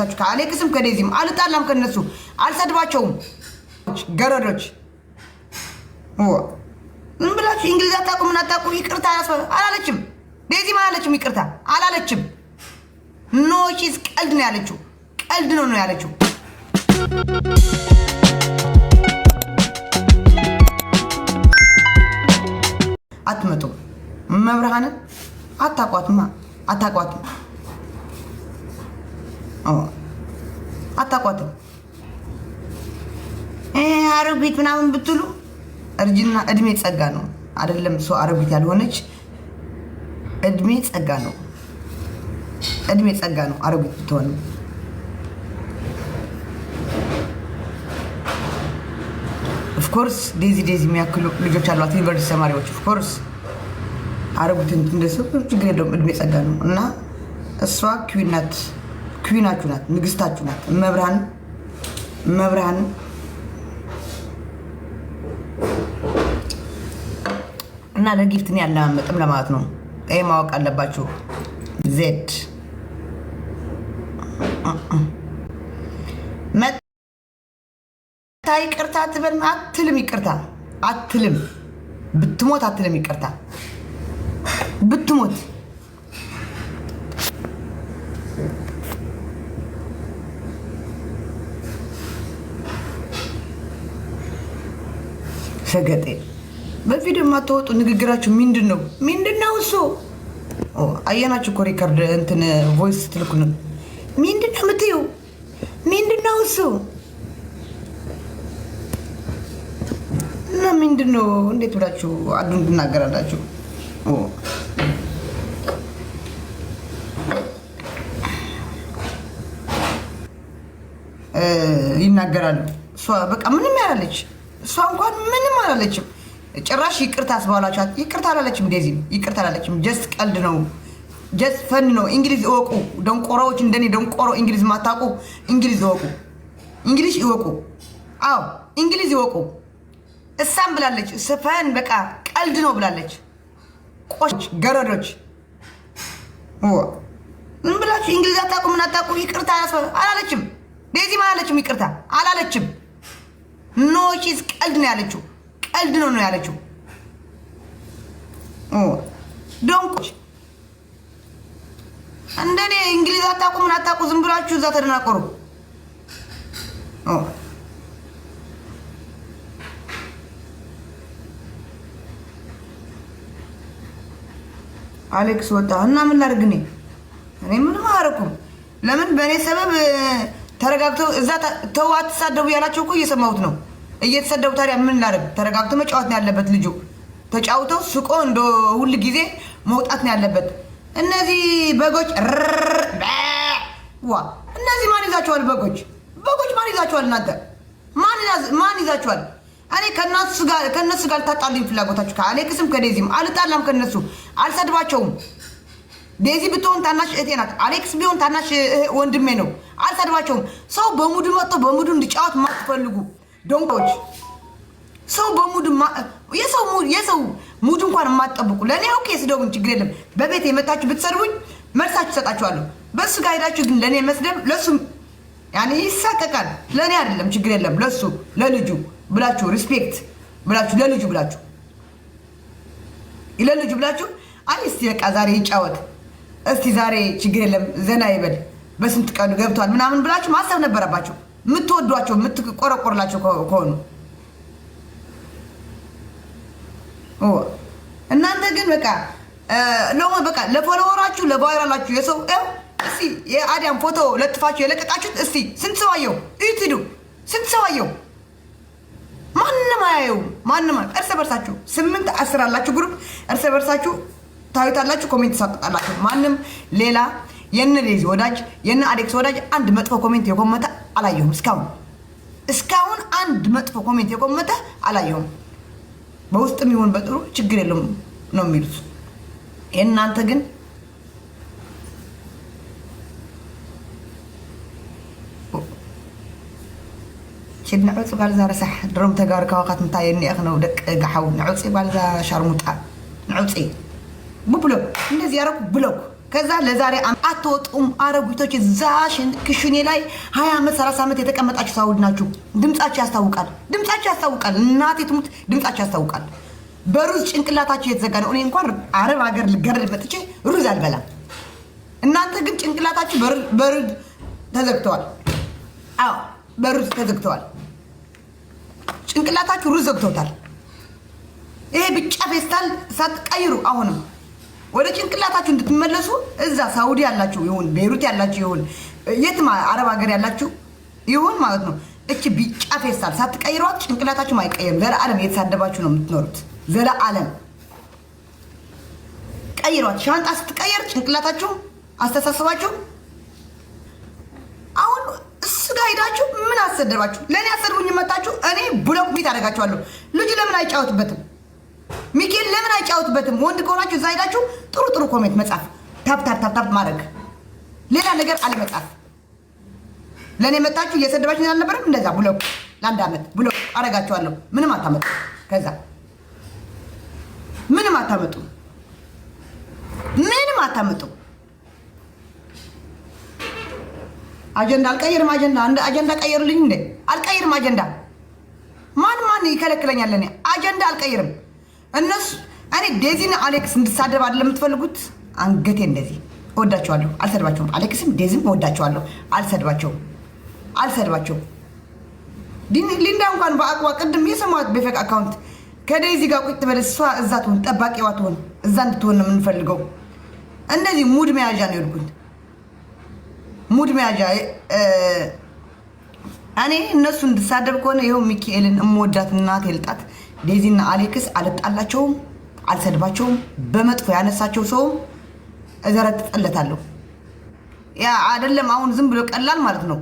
ታችሁ ከአሌክስም ከዴዚም አልጣላም፣ ከነሱ አልሰድባቸውም። ገረዶች ምን ብላችሁ እንግሊዝ አታውቁ፣ ምን አታውቁ። ይቅርታ አላለችም፣ ዴዚም አላለችም፣ ይቅርታ አላለችም። ኖ ሺዝ ቀልድ ነው ያለችው፣ ቀልድ ነው ነው ያለችው። አትመጡም፣ መብርሃንን አታቋትማ፣ አታቋትም አታቋትም። አረቢት ምናምን ብትሉ እርጅና እድሜ ጸጋ ነው። አይደለም ሰው አረቢት ያልሆነች እድሜ ጸጋ ነው። እድሜ ጸጋ ነው ኦፍኮርስ ዴዚ ዴዚ የሚያክሉ ልጆች አሏት፣ ዩኒቨርሲቲ ተማሪዎች። ኦፍኮርስ አረቡትን እንደሰው ችግር የለውም፣ እድሜ ጸጋ ነው እና እሷ ኪዊናት ክዊናችሁ ናት፣ ንግስታችሁ ናት። መብርሃን እመብርሃን እና ለጊፍትን ያለመጥም ለማለት ነው። ይህ ማወቅ አለባችሁ። ዜድ መታ ይቅርታ ትበል አትልም። ይቅርታ አትልም። ብትሞት አትልም። ይቅርታ ብትሞት ሰገጤ በፊት የማታወጡ ንግግራችሁ ምንድን ነው? ምንድን ነው እሱ? አየናችሁ እኮ ሪከርድ እንትን ቮይስ ስትልኩ ነው። ምንድን ነው የምትይው? ምንድን ነው እሱ? እና ምንድን ነው እንዴት ብላችሁ አዱ እንድናገራላችሁ ይናገራሉ። እሷ በቃ ምንም ያላለች እሷ እንኳን ምንም አላለችም። ጭራሽ ይቅርታ አስባላችኋት። ይቅርታ አላለችም፣ ዴዚ ይቅርታ አላለችም። ጀስት ቀልድ ነው፣ ጀስት ፈን ነው። እንግሊዝ እወቁ፣ ደንቆሮዎች፣ እንደኔ ደንቆሮ እንግሊዝ ማታውቁ እንግሊዝ እወቁ፣ እንግሊዝ ይወቁ። አዎ እንግሊዝ እወቁ። እሳም ብላለች፣ ስፈን በቃ ቀልድ ነው ብላለች። ቆች ገረዶች ምን ብላችሁ እንግሊዝ አታውቁ፣ ምን አታውቁ። ይቅርታ አላለችም፣ ዴዚ አላለችም፣ ይቅርታ አላለችም። ኖ ሺዝ ቀልድ ነው ያለችው። ቀልድ ነው ነው ያለችው። ደንቆች እንደኔ እንግሊዝ አታውቁ ምን አታውቁ፣ ዝም ብላችሁ እዛ ተደናቆሩ። አሌክስ ወጣ እና ምን ላድርግ እኔ እኔ ምንም አረኩም። ለምን በእኔ ሰበብ ተረጋግተው እዛ ተው አትሳደቡ ያላቸው እኮ እየሰማሁት ነው። እየተሰደቡ ታዲያ ምን ላደርግ? ተረጋግተው መጫወት ነው ያለበት ልጁ። ተጫውተው ስቆ እንደ ሁል ጊዜ መውጣት ነው ያለበት። እነዚህ በጎች ዋ! እነዚህ ማን ይዛቸዋል በጎች በጎች ማን ይዛቸዋል እናንተ ማን ይዛቸዋል? እኔ ከእነሱ ጋር ልታጣሉኝ ፍላጎታችሁ። ከአሌክስም ከዴዚም አልጣላም፣ ከነሱ አልሰድባቸውም። ዴዚ ብትሆን ታናሽ እህቴ ናት። አሌክስ ቢሆን ታናሽ ወንድሜ ነው። አልሰድባቸውም። ሰው በሙድ መጥቶ በሙድ እንዲጫወት ማትፈልጉ ዶንቆች፣ ሰው በሙድ የሰው ሙድ እንኳን የማትጠብቁ ለእኔ ኦኬ፣ ስደቡኝ፣ ችግር የለም። በቤት የመጣችሁ ብትሰድቡኝ መልሳችሁ ይሰጣችኋለሁ። በእሱ ጋር ሄዳችሁ ግን ለእኔ መስደብ ለሱ ያኔ ይሳቀቃል። ለእኔ አይደለም ችግር የለም። ለሱ ለልጁ ብላችሁ ሪስፔክት ብላችሁ ለልጁ ብላችሁ ለልጁ ብላችሁ አይ በቃ ዛሬ ይጫወት እስቲ ዛሬ ችግር የለም ዘና ይበል በስንት ቀኑ ገብቷል ምናምን ብላችሁ ማሰብ ነበረባቸው። የምትወዷቸው የምትቆረቆርላቸው ከሆኑ እናንተ ግን በቃ ለሆነ በቃ ለፎሎወራችሁ ለቫይራላችሁ የሰው ው እስቲ የአዲያም ፎቶ ለጥፋችሁ የለቀቃችሁት እስቲ ስንት ሰው አየው? እዩት ስንት ሰው አየው? ማንም አያየው። ማንም እርስ በርሳችሁ ስምንት አስር አላችሁ ግሩፕ እርስ በርሳችሁ ታዩታላችሁ፣ ኮሜንት ይሳቅጣላችሁ። ማንም ሌላ የነ ሌዚ ወዳጅ የነ አሌክስ ወዳጅ አንድ መጥፎ ኮሜንት የኮመተ አላየሁም እስካሁን እስካሁን አንድ መጥፎ ኮሜንት የቆመተ አላየሁም። በውስጥም ይሁን በጥሩ ችግር የለም ነው የሚሉት። የእናንተ ግን ችድ ንዕፁ ጋልዛ ረሳሕ ድሮም ተጋሩ ካባኻት እንታይ የኒአኽ ነው ደቂ ጋሓው ንዑፅ ባልዛ ሻርሙጣ ንዑፅ ብሎ እንደዚህ ያረኩ ብለው ከዛ ለዛሬ አትወጡም አረጉቶች እዛ ክሽኔ ላይ ሀያ ዓመት ሰላሳ ዓመት የተቀመጣችሁ ሳውድ ናችሁ። ድምጻችሁ ያስታውቃል። ድምጻችሁ ያስታውቃል። እናቴ ትሙት ድምጻችሁ ያስታውቃል። በሩዝ ጭንቅላታችሁ የተዘጋ ነው። እኔ እንኳን አረብ ሀገር ልገረድ መጥቼ ሩዝ አልበላም። እናንተ ግን ጭንቅላታችሁ በሩዝ ተዘግተዋል። አዎ በሩዝ ተዘግተዋል። ጭንቅላታችሁ ሩዝ ዘግተውታል። ይሄ ብጫ ፌስታል ሳትቀይሩ አሁንም ወደ ጭንቅላታችሁ እንድትመለሱ እዛ ሳውዲ ያላችሁ ይሁን ቤይሩት ያላችሁ ይሁን የትም አረብ ሀገር ያላችሁ ይሁን ማለት ነው። እቺ ቢጫ ፌስታል ሳትቀይሯት ጭንቅላታችሁ አይቀየም። ዘለዓለም እየተሳደባችሁ ነው የምትኖሩት። ዘለዓለም ቀይሯት። ሻንጣ ስትቀየር ጭንቅላታችሁ፣ አስተሳሰባችሁ አሁን እሱ ጋር ሄዳችሁ ምን አሰደባችሁ? ለእኔ አሰድቡኝ መጣችሁ። እኔ ብሎክ ቤት አደርጋችኋለሁ። ልጁ ለምን አይጫወትበትም? ሚካኤል ለምን አይጫወትበትም? ወንድ ከሆናችሁ እዛ ሄዳችሁ ጥሩ ጥሩ ኮሜንት መጻፍ፣ ታፕ ታፕ ታፕ ታፕ ማድረግ፣ ሌላ ነገር አለመጻፍ። ለእኔ መጣችሁ እየሰደባችሁ አልነበረም? እንደዛ ብሎ ለአንድ አመት ብሎ አረጋችኋለሁ። ምንም አታመጡ፣ ከዛ ምንም አታመጡ፣ ምንም አታመጡ። አጀንዳ አልቀየርም። አጀንዳ አጀንዳ ቀየሩልኝ እንዴ? አልቀይርም። አጀንዳ ማን ማን ይከለክለኛል? ለእኔ አጀንዳ አልቀየርም። እነሱ እኔ ዴዚን አሌክስ እንድሳደብ አይደለም የምትፈልጉት። አንገቴ እንደዚህ እወዳቸዋለሁ፣ አልሰድባቸውም። አሌክስም ዴዚም እወዳቸዋለሁ፣ አልሰድባቸውም፣ አልሰድባቸውም። ሊንዳ እንኳን በአቅባ ቅድም የሰማት በፌክ አካውንት ከዴዚ ጋር ቁጭ በል፣ እሷ እዛ ትሆን፣ ጠባቂዋ ትሆን፣ እዛ እንድትሆን ነው የምንፈልገው። እንደዚህ ሙድ መያዣ ነው የሄድኩት፣ ሙድ መያዣ። እኔ እነሱ እንድሳደብ ከሆነ ይኸው ሚካኤልን እምወዳት እናት የልጣት ዴዚና አሌክስ አልጣላቸውም፣ አልሰድባቸውም። በመጥፎ ያነሳቸው ሰውም እዘረጥጠለታለሁ። ያ አይደለም አሁን ዝም ብሎ ቀላል ማለት ነው።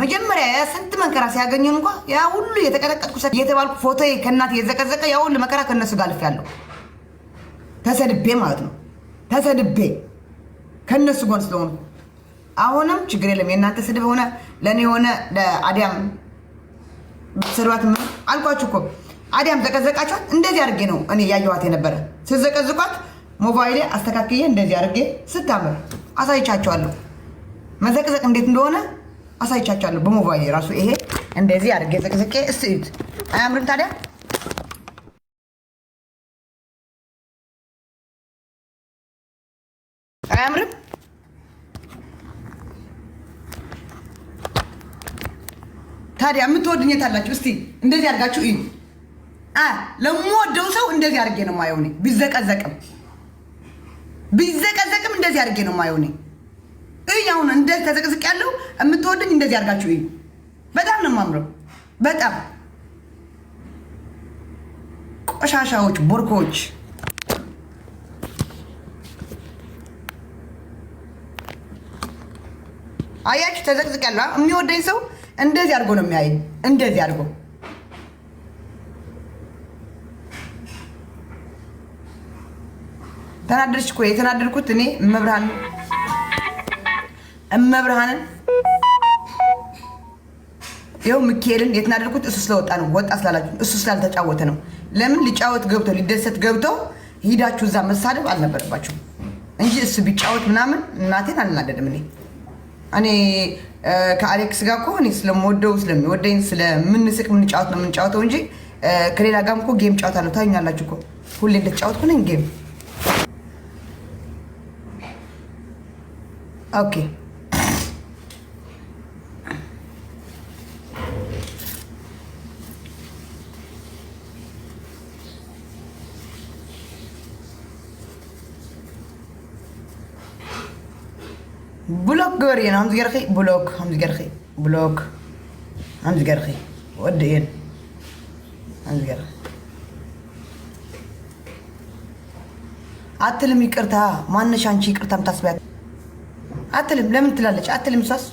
መጀመሪያ ያ ስንት መንከራ ሲያገኘን እንኳ ያ ሁሉ የተቀጠቀጥኩ የተባልኩ ፎቶ ከእናት የዘቀዘቀ ያ ሁሉ መከራ ከነሱ ጋር አልፌያለሁ። ተሰድቤ ማለት ነው ተሰድቤ ከነሱ ጎን ስለሆኑ አሁንም ችግር የለም። የእናንተ ስድብ ሆነ ለእኔ የሆነ ለአዲያም ስድባት አልኳችሁ እኮ አዲያም ዘቀዘቃችኋት። እንደዚህ አድርጌ ነው እኔ ያየኋት የነበረ ስዘቀዝቋት፣ ሞባይሌ አስተካክዬ እንደዚህ አድርጌ ስታምር አሳይቻቸዋለሁ። መዘቅዘቅ እንዴት እንደሆነ አሳይቻቸዋለሁ በሞባይሌ ራሱ። ይሄ እንደዚህ አድርጌ ዘቅዝቄ እስዩት። አያምርም ታዲያ? አያምርም? ታዲያ የምትወድኘት አላችሁ? እስቲ እንደዚህ አድርጋችሁ እዩ። ለምወደው ሰው እንደዚህ አድርጌ ነው የማየው። እኔ ቢዘቀዘቅም ቢዘቀዘቅም እንደዚህ አድርጌ ነው የማየው። እኔ እይ አሁን እንደ ተዘቅዝቅ ያለው የምትወድኝ እንደዚህ አድርጋችሁ እይ። በጣም ነው የማምረው። በጣም ቆሻሻዎች፣ ቦርኮዎች አያችሁ፣ ተዘቅዝቅ ያለው የሚወደኝ ሰው እንደዚህ አድርጎ ነው የሚያየኝ እንደዚህ አድርጎ ተናደድሽ እኮ የተናደድኩት እኔ እመብርሃንን እመብርሃንን ይኸው ሚካኤልን የተናደድኩት እሱ ስለወጣ ነው። ወጣ ስላላችሁ እሱ ስላልተጫወተ ነው። ለምን ሊጫወት ገብቶ ሊደሰት ገብተው ሂዳችሁ እዛ መሳደብ አልነበረባችሁም እንጂ እሱ ቢጫወት ምናምን እናቴን አልናደድም። እኔ እኔ ከአሌክስ ጋር እኮ እኔ ስለምወደው ስለሚወደኝ ስለምንስቅ ምንጫወት ነው የምንጫወተው እንጂ ከሌላ ጋርም እኮ ጌም ጫወታ ነው። ታኛላችሁ እኮ ሁሌ እንደተጫወትኩ ነኝ ጌም ኦኬ ብሎክ ገበሪ እየን ከምዚ ገርኺ ብሎክ ከምዚ ገርኺ ብሎክ ከምዚ ገርኺ ወዲ እየን ከምዚ ገርኺ ኣትልም ይቅርታ ማነሻንቺ ይቅርታ ምታስቢያ አትልም። ለምን ትላለች? አትልም። እሷስ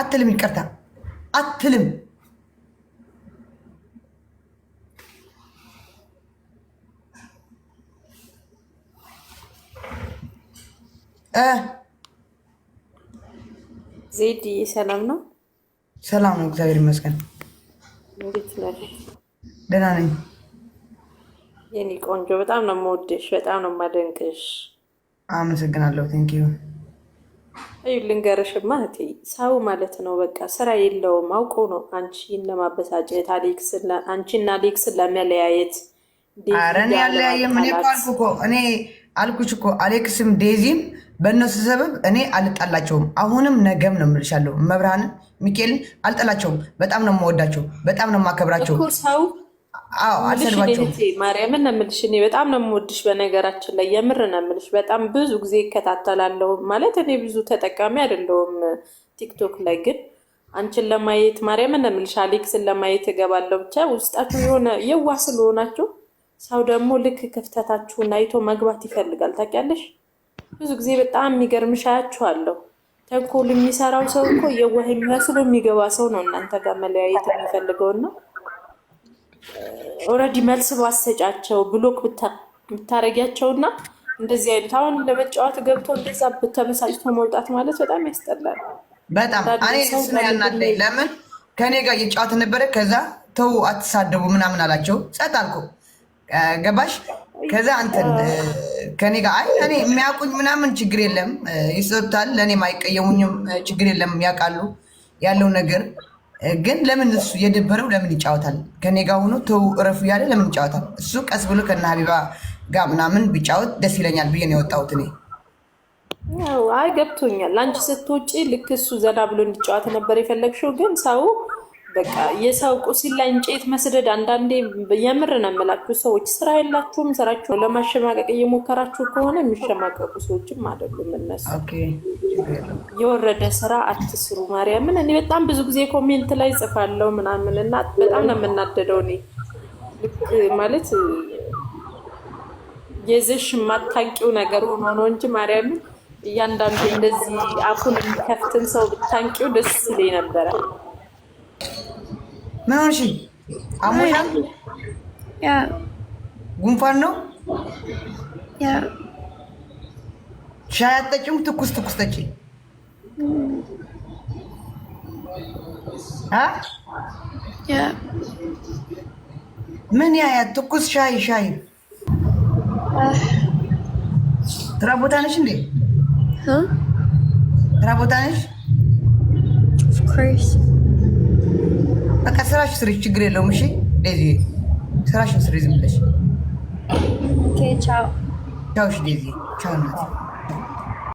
አትልም። ይቅርታ አትልም። ዜድ ሰላም ነው? ሰላም ነው፣ እግዚአብሔር ይመስገን። እንዴት ነህ? ደህና ነኝ የኔ ቆንጆ። በጣም ነው የምወድሽ፣ በጣም ነው የማደንቅሽ። አመሰግናለሁ። ዩ እዩ ልንገርሽማ እህቴ ሰው ማለት ነው በቃ ስራ የለውም። አውቆ ነው አንቺን ለማበሳጨት አንቺና አሌክስን ለመለያየት። ኧረ እኔ እኔ አልኩ እኮ እኔ አልኩሽ እኮ አሌክስም ዴዚም በእነሱ ሰበብ እኔ አልጣላቸውም። አሁንም ነገም ነው የምልሻለሁ። መብርሃንን ሚካኤልን አልጠላቸውም። በጣም ነው የምወዳቸው፣ በጣም ነው የማከብራቸው። ሰው ማርያምን ነው የምልሽ። እኔ በጣም ነው የምወድሽ። በነገራችን ላይ የምር ነው የምልሽ። በጣም ብዙ ጊዜ ይከታተላለሁ። ማለት እኔ ብዙ ተጠቃሚ አይደለሁም ቲክቶክ ላይ ግን አንቺን ለማየት ማርያምን ነው የምልሽ፣ አሌክስን ለማየት እገባለሁ። ብቻ ውስጣችሁ የሆነ የዋ ስለሆናችሁ ሰው ደግሞ ልክ ክፍተታችሁን አይቶ መግባት ይፈልጋል። ታውቂያለሽ፣ ብዙ ጊዜ በጣም የሚገርምሽ አያችኋለሁ። ተንኮል የሚሰራው ሰው እኮ የዋህ የሚመስሉ የሚገባ ሰው ነው እናንተ ጋር መለያየት የሚፈልገውና ኦልሬዲ መልስ ባሰጫቸው ብሎክ ብታረጊያቸውና እንደዚህ አይነት አሁንም ለመጫወት ገብቶ እንደዛ ተበሳጭቶ መውጣት ማለት በጣም ያስጠላል። በጣም እኔ እሱ ያናደኝ። ለምን ከእኔ ጋር እየጫወት ነበረ። ከዛ ተው አትሳደቡ ምናምን አላቸው። ጸጥ አልኩ። ገባሽ? ከዛ አንተን ከኔ ጋር አይ እኔ የሚያውቁኝ ምናምን ችግር የለም ይሰጡታል። ለእኔም አይቀየሙኝም ችግር የለም ያውቃሉ ያለው ነገር ግን ለምን እሱ የደበረው ለምን ይጫወታል? ከኔ ጋር ሆኖ ተው እረፉ እያለ ለምን ይጫወታል? እሱ ቀስ ብሎ ከነ ሀቢባ ጋር ምናምን ቢጫወት ደስ ይለኛል ብዬ ነው የወጣሁት እኔ። አይ ገብቶኛል። አንቺ ስትወጪ ልክ እሱ ዘና ብሎ እንዲጫወት ነበር የፈለግሽው፣ ግን ሰው በቃ የሰው ቁስል ላይ እንጨት መስደድ አንዳንዴ የምር ነው የምላችሁ ሰዎች ስራ የላችሁም። ስራችሁ ለማሸማቀቅ እየሞከራችሁ ከሆነ የሚሸማቀቁ ሰዎችም አይደሉም እነሱ። የወረደ ስራ አትስሩ። ማርያምን እኔ በጣም ብዙ ጊዜ ኮሜንት ላይ ጽፋለው ምናምን እና በጣም ነው የምናደደው። እኔ ልክ ማለት የዘሽ የማታውቂው ነገር ሆኖ ነው እንጂ ማርያምን እያንዳንዱ እንደዚህ አፉን የሚከፍትን ሰው ብታንቂው ደስ ይለኝ ነበረ። ምን ሆንሽ? አሞሻል? ጉንፋን ነው? ሻይ አትጠጪም? ትኩስ ትኩስ ጠጪ። ምን ያያት? ትኩስ ሻይ ሻይ። ስራ ቦታ ነሽ እንዴ? ስራ ቦታ ነሽ? በቃ ስራሽ ስሪ፣ ችግር የለውም። እሺ ዴዚ ስራሽ ስሪ። ዝም ብለሽ ቻው ቻው። እሺ ዴዚ ቻው ናት።